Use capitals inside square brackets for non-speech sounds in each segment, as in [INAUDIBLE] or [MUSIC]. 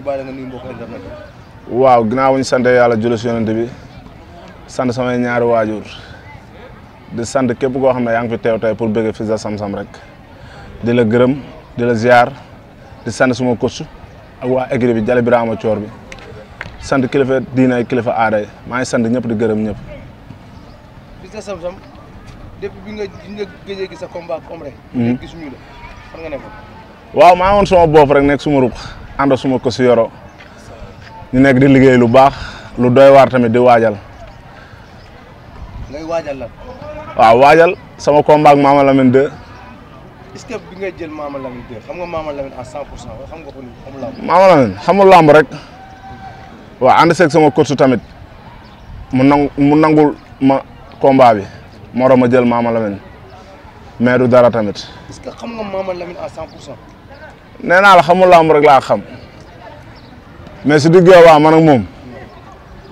ñu bàyyi nga nuyu mbokk waaw ginnaaw ñu sant yàlla julli si yonent bi sant samay ñaari waajur di sant képp koo xam ne yaa ngi fi teew tey pour bëgg Fils de Sam Sam rek di la gërëm di la ziar di sant suma coach ak waa équipe bi Jalle Birama Coor bi sant kilifa diinay kilifa aaday maa ngi sant ñëpp di gërëm ñëpp. Fils de nga nga gëjee gis hmm. rek nekk suma ruq ànd suma ko si yoro ñu nekk di liggéey lu baax lu dooy waar tamit di waajal. ngay waajal waaw waajal sama combat ak Mama Lamine 2. jël Mama Lamine xam nga Mama Lamine à 100% xam ko rek. waaw ànd seeg sama coach tamit mu nangu mu nangul ma combat bi ma jël Mama Lamine du dara tamit. nee naa la xamul làmb rek laa xam mais su duggee waa man ak moom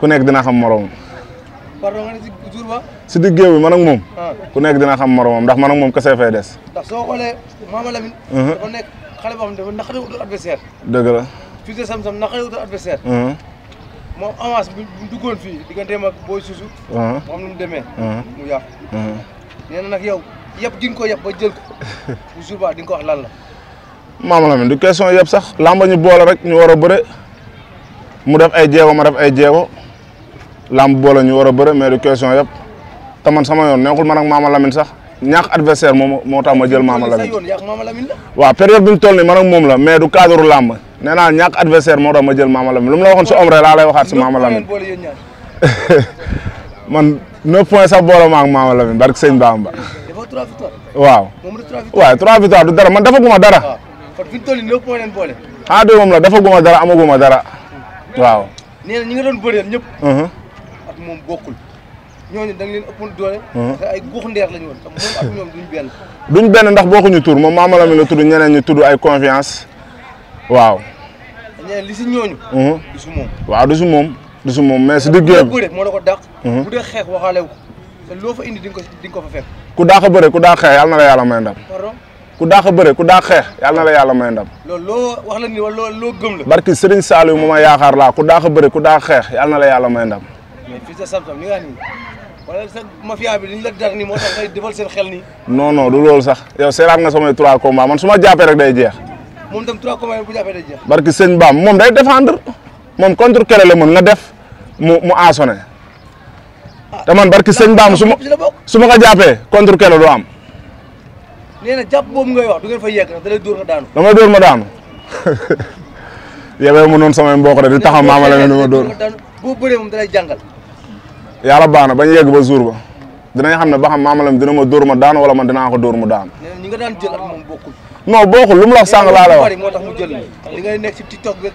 ku nekk dina xam moromam. pardon ba. si diggéew bi man ak moom. Ah. ku nekk dina xam moromam ndax man moom kese fay des. ndax soo xoolee Mama Lamine. Mhm. dafa nekk xale boo xam ne dafa naqari wutul adversaire. dëgg mhm. moom avance bi bu duggoon fii digganteem booy suusu. Mhm. moo xam nu mu demee. mu yàqu. nee na nag yow yëpp di nga ko yëpp ba jël ko [LAUGHS] bu ko wax lan la. Maama Lamine du question yëpp sax làmba ñu boole rek ñu war a bëre mu def ay jéego ma def ay jéego làmb boole ñu war a bëre mais du question yëpp te man sama yoon neexul man ak Maama Lamine sax ñàkk adversaire moom moo tax ma jël Maama Lamine waaw période bi ñu toll nii man ak moom la mais du cadre làmb nee naa ñàkk moo tax ma jël Maama Lamine la waxoon si omre laa lay waxaat si Maama Lamine [LAUGHS] man neuf point sax boole ma ak Maama Lamine barke sëñ Bamba waaw waaw trois victoire du dara man defaguma dara ah. kon fi ñu toll nii lépp mooy leen boole. ah doo moom la dafa guma dara amaguma dara waaw. nee na ñi nga doon bëreel ñëpp. Mhm. moom bokkul. ñooñu da nga leen ëppoon doole. parce mhm. que ndeer la woon moom ak ñoom duñ benn. duñ tur moom Mama Lamine la tudd ñeneen ñu tudd ay confiance waaw. ñeneen li si ñooñu. Mhm. du su moom waaw moom. du su moom mais su di géej. bëre moo la ko dàq. bu loo indi di ko di ko fa ku dàq bëre ku dàq xeex yàlla na la yàlla may ndam. ku daax a bëre ku daax xeex yàlla na la yàlla may ndam. loolu loo wax la loo gëm la. barki Serigne Saliou mu ma yaakaar laa ku daax a bëre ku daax xeex yàlla na la yàlla may ndam. mais fii sa Samsam ni wala sa mafia seen xel nii. non non du loolu sax yow seeraat nga samay trois combats man su ma jàppee rek day jeex. moom tam trois combats bu jàppee day jeex. barki sëñ Bam moom day défendre moom contre kele la mën na def mu mu asone. Ah. te man barki sëñ Bam su ma su ma ko jàppee contre kele du am nee na jàpp boobu ngay wax fa yegg nag da lay dóor nga daanu. ma daanu [LAUGHS] yebee mu noonu samay mbokk rek di taxaw maama la nu ma dóor boo bëree moom dalay baax na bañ yegg ba jour ba dinañ xam ne ba xam la dina ma dóor ma daanu wala ma dinaa ko dóor mu daanu. ñi nga daan jël ak moom lu mu la wax sànq laa la wax. moo tax mu jël li ngay nekk ci TikTok bi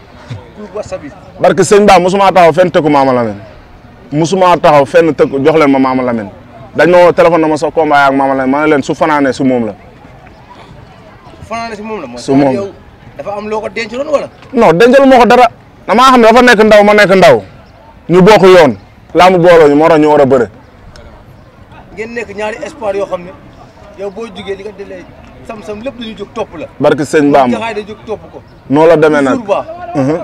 groupe WhatsApp barke sëñ Ba mosuma taxaw fenn tëkku maama Lamine mosuma taxaw fenn tëkku jox leen ma maama Lamine dañ ma woo téléphone na ma sa combat ak maama Lamine ma ne leen su fanaanee su moom la fanaane moom la. su moom dafa am loo ko dencaloon wala. non dencal moo ko dara damaa xam ne nekk ndaw ma nekk ndaw ñu bokk yoon laamu booloo ñu moo tax ñu war a bëre. ngeen nekk ñaari espoir yoo xam ne boo jugee li nga delloo sam lépp dañu jóg topp la. barke sëñ Bamba jaxaay da jóg topp ko. noo la demee nag mhm.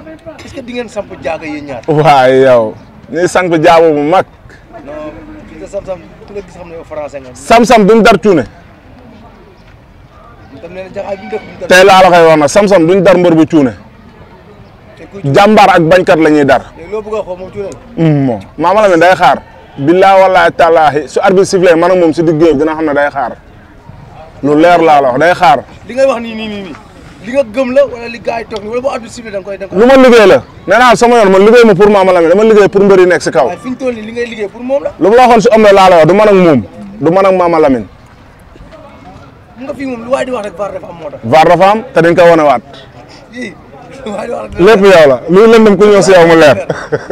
est-ce que di ngeen samp jaaga yéen ñaar. waaye yow ñuy samp jaabo bu mag. non sam-sam ku dar cuune. tey laa la koy wax nag sam-sam duñ dar mbër bu cuune jàmbaar ak bañkat la ñuy dar moom maama la mi day xaar billaa wallaahi tallaahi su arbitre sifflé man ak moom si diggéey dina xam ne day xaar lu leer laa la wax day xaar li ngay wax nii lu ma liggéey la nee naa sama yoon man liggéey ma pour maama la mi dama liggéey pour mbër yi nekk si kaw li ngay liggéey pour moom lu ma la waxoon si am na laa la wax du man moom du man ak nga fi moom lu waay di wax rek VAR dafa am moo tax. VAR dafa am te dañ ko wane waat. lépp yow la luy lëndëm ku ñëw si yow mu leer.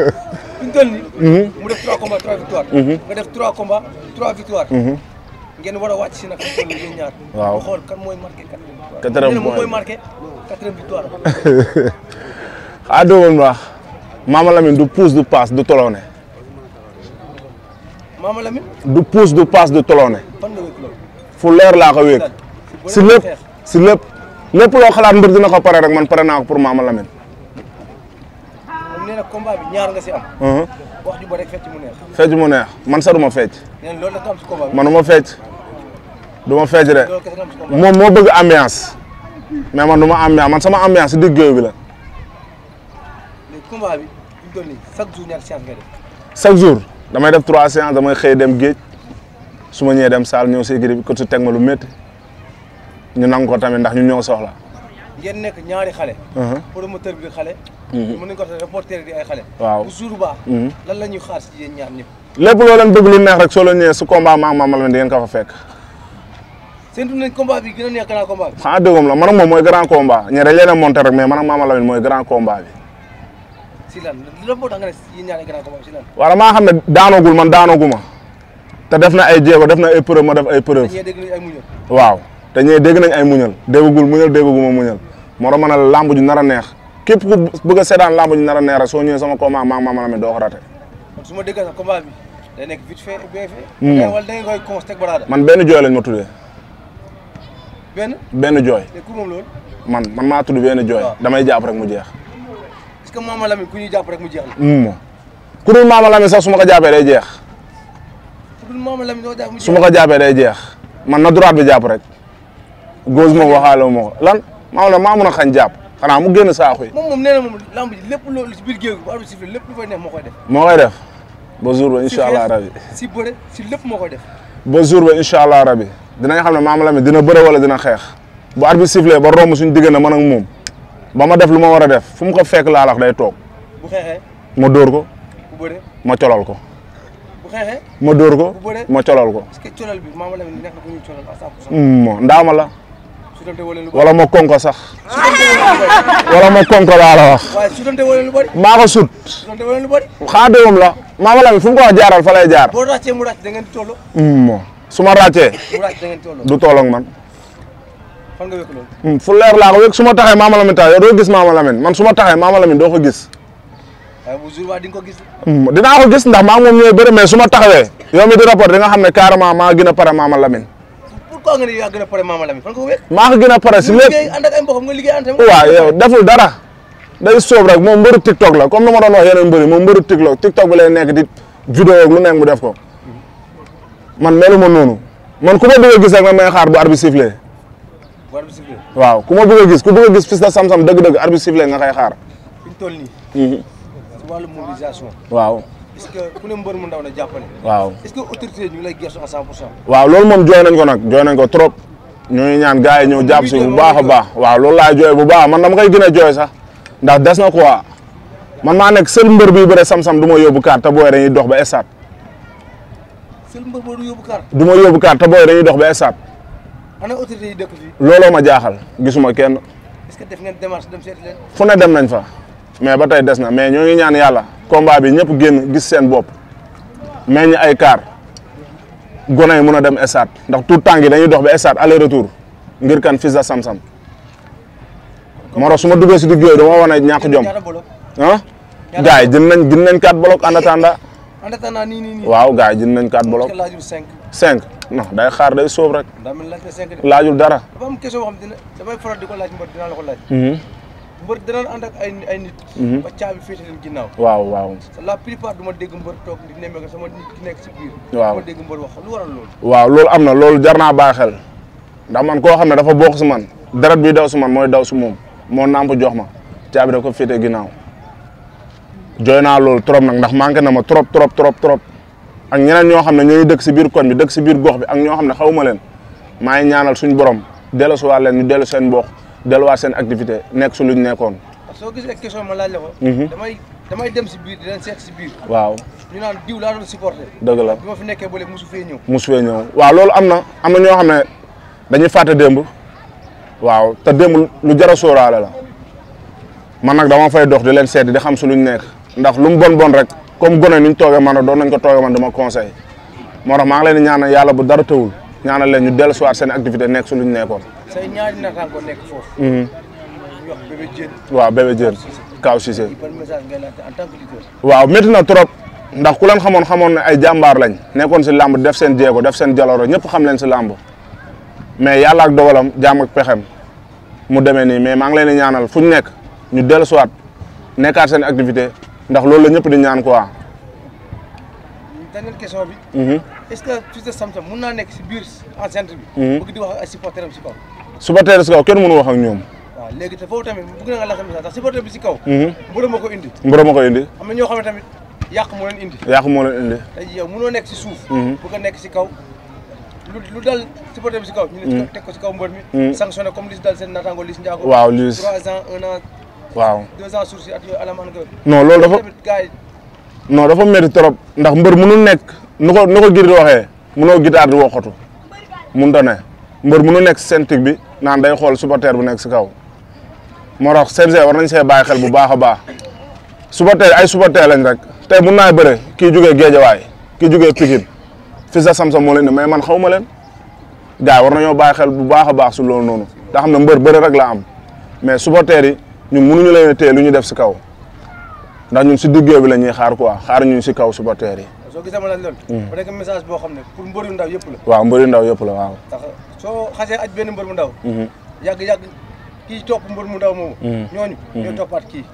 [LAUGHS] fi mu toll nii. Mhm. mu def 3 combats 3 victoires. Mhm. nga def 3 combats 3 victoires. Mhm. ngeen war a wàcc si nag fi mu toll nii ñaar. waaw xool kan mooy marqué 4 victoires. 4 mooy marqué 4 victoires. [LAUGHS] ah doo woon wax Mama Lamine du pousse du passe du toloone. Mama Lamine. du pousse du passe du toloone. fan nga wékk loolu. fu leer laa ko wékk. si lépp si lépp lépp loo xalaat mbir dina ko pare rek man pare naa ko pour maama Lamine. moom nee ñaar nga si am. Uh-huh. wax fecc mu ne man sax du ma fecc. nee na loolu la ko am fecc du fecc de. moom moo bëgg ambiance. mais man du ma ambiance man sama ambiance si digg géew bi la. léegi chaque jour ñaar séance ngay damay def trois séances damay xëy dem géej su ma ñëwee dem saal ñëw si équipe bi ko su teg ma lu métti. ñu nangu ko tamit ndax ñu ñun ñoo soxla. ngeen nekk ñaari xale. Uh-huh. promoteur bi xale. Mm-hmm. mën ko waxee reporter di waaw bu ba. Mm-hmm. lan la ñuy xaar si yéen ñaar ñëpp. lépp loo leen bëgg lu neex rek soo leen su combat ma ak Mama Lamine di ngeen ko fa fekk. séntu nañ combat bi gën a neex grand la man moom mooy grand combat ñe dañ leen a monté rek mais man ak Mama Lamine mooy grand combat bi. si lan loolu moo tax nga ne yéen ñaari grand maa xam ne daanoogul man daanooguma. te def na ay jéego def na ay preuve ma def ay preuve. waaw te ñee dégg nañ ay muñal déggagul muñal déggaguma muñal moo tax ma ne làmb ju nar a neex képp ku bëgg a seetaan làmb ju nar a neex rek soo ñëwee sama combat maa maa mën a amee doo ko raté. su ma déggee sax combat bi day mm. man benn jooy lañ benn benn jooy. man man maa tudd benn jooy. damay jàpp rek mu jeex. est-ce que Mama Lamine ku ñuy jàpp rek mu jeex la. Mm. ku dul Mama Lamine sax su ma ko jàppee day jeex. ku dul Mama doo jàpp su ma ko jàppee day jeex man na droit bi jàpp rek. góos moom waxaale ma ko lan maa la maa mun a xanaa mu génn saako yi. moom moom nee na moom lamb ji lépp lool ci biir géew gi bu arbitre sifflé lépp lu fay nekk moo koy def. moo koy def ba jour ba incha allah rabi. si bëre si lépp moo koy def. ba jour ba incha allah rabi xam ne maam Lamine dina bëre wala dina xeex bu arbitre sifflé ba romb suñu diggante man ak moom ba ma def lu ma war a def fu mu ko fekk laalax day toog. bu ma dóor ko. bu bëree ma colal ko. ma dóor ko. bu ma colal ko. est que colal bi maam la wala ma ko sax wala ma konko laa la wax maa ko sut xaa dewum la maa ma la fu mu ko wax jaaral fa lay jaar mo mm, su ma ràccee du toolog man mm, fu leer laa ko wékk su ma taxee maama lamin tax yow doo gis maama lamin man su ma taxee maama doo ko gis mm, dinaa ko gis ndax maa moom ñooy bëri mais su ma taxawee yow mi di rapport di nga xam ne carrément maa gën a pare maama lamin pourquoi nga ne yaa a pare maa ko gën pare si lépp liggéey ànd dara day soob rek moom mbëru TikTok la comme ni ma doon wax yeneen mbëri moom mbëru TikTok TikTok bi lay nekk di vidéo ak lu nekk mu def ko man melu ma noonu man ku ma bëgg a gis rek man may xaar bu arbitre sifflé. bu arbitre sifflé waaw ku ma bëgg gis ku bëgg gis Fils de Sam Sam dëgg-dëgg arbitre sifflé nga kay xaar. fi ñu toll nii. si mhm. waaw. ku ne mbër mu ndaw na jàppale. waaw est-ce que autorité ñu ngi lay gëstu moom jooy nañ ko nag jooy nañ ko trop ñooy ñaan gars yi ñëw jàpp si bu baax a baax waaw loolu laa jooy bu baax man dama koy gën a jooy sax ndax des na ko quoi man maa nekk seul mbër bi bëre sam-sam du ma yóbbu kaar te booy dañuy dox ba estaat. seul du ma yóbbu kaar te booy dañuy dox ba estaat. ana autorité yi dëkk fii. looloo ma jaaxal gisuma kenn. est que def ngeen démarche dem seeti leen. fu ne dem nañ fa mais ba tey des na mais ñoo ngi ñaan yàlla combat bi ñëpp génn gis seen bopp meññ ay kaar gone mun a dem stade ndax tout temps yi dañuy dox ba stade aller retour ngir kan Fils de Sam Sam Moro su ma duggee si digg yooyu dama wane ñàkk jom ah gars yi jënd nañ jënd nañ quatre blocs en attendant waaw gars yi jënd nañ quatre blocs cinq non day xaar day sóob rek laajul dara. dafa am question boo xam ne damay faral di ko laaj mbër dinaa mbër danañ ànd ay ay nit. Mhm. ba caabi féete leen waaw waaw. la plupart du ma dégg mbër toog di nemmee sama nekk si waaw du ma wax lu loolu. waaw loolu am na loolu jar naa baaxel ndax man koo xam ne dafa bokk su man deret bi daw su man mooy daw su moom moo nàmp jox ma caabi da ko féete ginnaaw jooy naa loolu trop nag ndax manqué na ma trop trop trop trop ak ñeneen ñoo xam ne ñooy dëkk si biir koñ bi dëkk si biir gox bi ak ñoo xam ne xaw ma leen maa ngi ñaanal suñu borom dellusiwaat leen ñu dellu seen mbokk delluwaat seen activité nekk su luñ nekkoon. soo gisee question ma laaj la ko. Mhm. damay damay dem si biir di leen seet si biir. waaw ñu naan laa doon supporté. dëgg la bi ma nekkee ba léegi mosu fee ñëw. mosu fee ñëw waaw loolu am na am na ñoo xam ne dañuy fàtte demb waaw te démb lu jar a sóoraale la man nag dama fay dox di leen seet di xam su luñ nekk ndax lu mu bon bon rek comme gone nu ñu toogee man doon nañ ko toogee man dama conseil moo tax maa ngi leen di ñaanal yàlla bu dara tëwul. ñaanal leen ñu dellu si waat seen activité nekk su ñu nekkoon. say ñaari naataangoo nekk foofu. ñu mhm. waaw bébé Kaaw Cissé. waaw métti na trop ndax ku lan xamoon xamoon ne ay jàmbaar lañ nekkoon si làmb def seen jéego def seen jalooro ñëpp xam leen si làmb mais yàlla ak dogalam jaam ak pexem mu demee nii mais maa ngi leen ñaanal fu ñu nekk ñu dellu si waat nekkaat seen activité ndax loolu la ñëpp di ñaan quoi. dernière est-ce que Fils de mën naa nekk si biir enceinte bi. Mhm. bëgg di wax ak ay supporters am si kaw. supporters si kaw kenn mënu wax ñoom. waaw léegi te foofu tamit bëgg na nga laajte message ndax supporter si kaw. Mhm. mbooloo moo ko indi. mbooloo moo ko indi. am ñoo xam ne tamit yàq moo leen indi. yàq moo leen indi. tey yow mënoo nekk si suuf. Mhm. bëgg a nekk si kaw. lu lu dal supporter bi si kaw. ñu ne ko si kaw mi. sanctionné comme li si dal seen naataango Liss Ndiago. waaw Liss trois ans un an. waaw deux ans sursis at yooyu alamaan non loolu dafa non dafa métti trop ndax mënul nekk nu ko nu ko giri waxee mënoo gitaar di waxatu mun ta ne mbër mënu nekk sentik bi naan day xool supporter bu nekk si kaw moo tax CNG war nañ see bàyyi xel bu baax a baax supporter ay supporter lañ rek tey mun naa bëre kii jugee Géejawaay kii jugee Pikine fii sa Samsam moo leen ne mais man xaw ma leen gars yi war nañoo bàyyi xel bu baax a baax su loolu noonu te xam ne mbër bëre rek la am mais supporter yi ñun mënuñu leen a téye lu ñu def si kaw ndax ñu si diggéew bi la ñuy xaar quoi xaar ñun si kaw supporter yi soo gisee ma laaj loolu. Hmm. message boo xam ne pour mbër yu ndaw yëpp la. waaw mbër yu ndaw yëpp la waaw. ndax soo xasee aj benn mbër mu ndaw. Hmm. yàgg yàgg kii mbër mu ndaw moomu. Hmm. ñooñu. kii.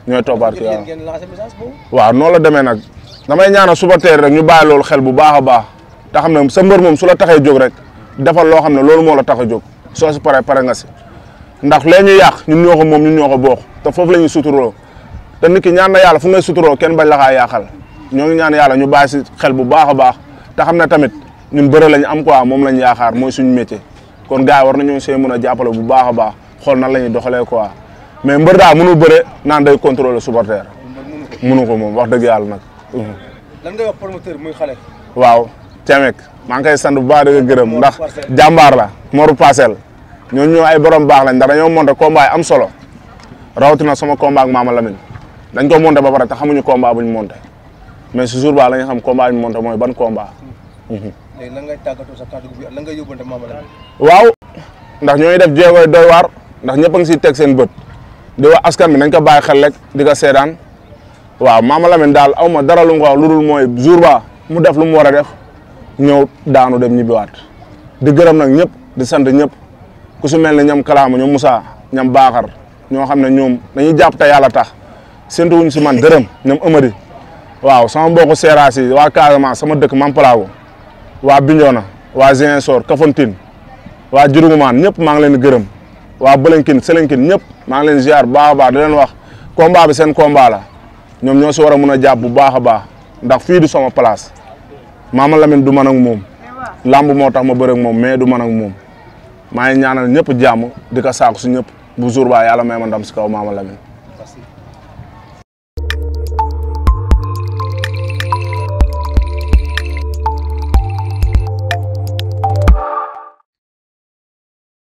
ñooy toppaat kii waaw ngeen lancé la demee nag damay ñaanal suba teel rek ñu bàyyi loolu xel bu baax a baax te xam ne sa mbër moom su la taxee jóg rek defal loo xam ne loolu moo la tax a jóg soo si pare pare nga si ndax lee ñu yàq ñu ñoo ko moom ñu ñoo ko bokk te foofu la ñuy suturoo te nit ki ñaan na yàlla fu ngay suturoo kenn bañ la xaa yaaxal ñoo ngi ñaan yàlla ñu bàyyi xel bu baax a baax te xam ne tamit ñun bëre lañ am quoi moom lañu yaakaar mooy suñu métier kon gars yi war nañoo see mën a jàppale bu baax a baax xool nan la doxalee quoi mais mbër daal mënul bëre naan day contrôler supporter mënu ko moom wax dëgg yàlla nag. lan ngay wax promoteur muy xale. waaw Cemek maa ngi koy sant bu baax di gërëm ndax jàmbaar la Moru Parcelle ñooñu ñoo ay borom baax lañ ndax dañoo monté combat yi am solo rawatina sama combat ak Maama Lamine dañ ko monté ba pare te xamuñu combat buñ monté mais su jour ba la nga xam combat bi monté mooy ban combat. léegi ngay tàggatoo sa kàddu gi lan ngay yóbbante Mama Lamine. waaw ndax ñoo ngi def jéego doy waar ndax ñëpp a siy teg seen bët di wax askan bi nañ ko bàyyi xel rek di ko seedaan waaw Mama Lamine daal aw ma dara lu ko wax lu dul mooy jour ba mu def lu mu war a def ñëw daanu dem ñibbiwaat di gërëm nag ñëpp di sant ñëpp ku su mel ne ñoom Kalaama ñoom Moussa ñam Baaxar ñoo xam ne ñoom dañuy jàpp te yàlla tax séntu wuñ si man dërëm ñoom Amady. waaw sama mbokku seeraas yi waa Casamance sama dëkk Mampalaawu waa Bignona waa Ziguinchor Kafountine waa Diouroumaane ñëpp maa ngi leen di gërëm waa Bëlenkin Selenkin ñëpp maa ngi leen ziar baax a baax di leen wax combat bi seen combat la ñoom ñoo si war a mën a jàpp bu baax a baax ndax fii du sama place Mama Lamine du man ak moom làmb moo tax ma bëre moom mais du man ak moom maa ngi ñaanal ñëpp jàmm di ko saako su ñëpp bu jour baa yàlla may ma ndam si kaw Mama Lamine